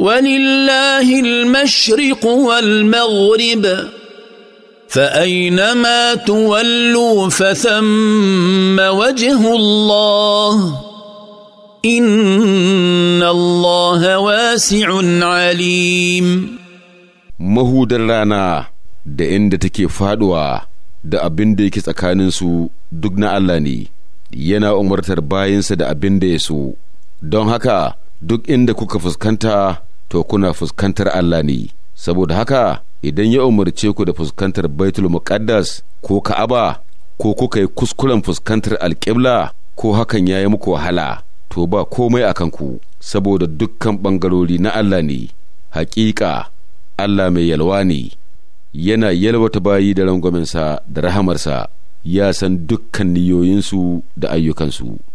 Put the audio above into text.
ولله المشرق والمغرب فاينما تولوا فثم وجه الله ان الله واسع عليم mahudar rana da inda take faduwa da abin da yake tsakaninsu duk na Allah ne yana umartar bayansa da abin da ya so don haka duk inda kuka fuskanta to kuna fuskantar Allah ne saboda haka idan ya umarce ku da fuskantar baitul muqaddas ko ka'aba ko kuka yi kuskuren fuskantar alƙibla ko hakan ya yi muku wahala to ba komai a kanku saboda dukkan ɓangarori na Allah ne haƙiƙa Allah mai yalwa ne yana yalwata bayi da rangwamensa da rahamarsa ya san dukkan niyoyinsu da ayyukansu.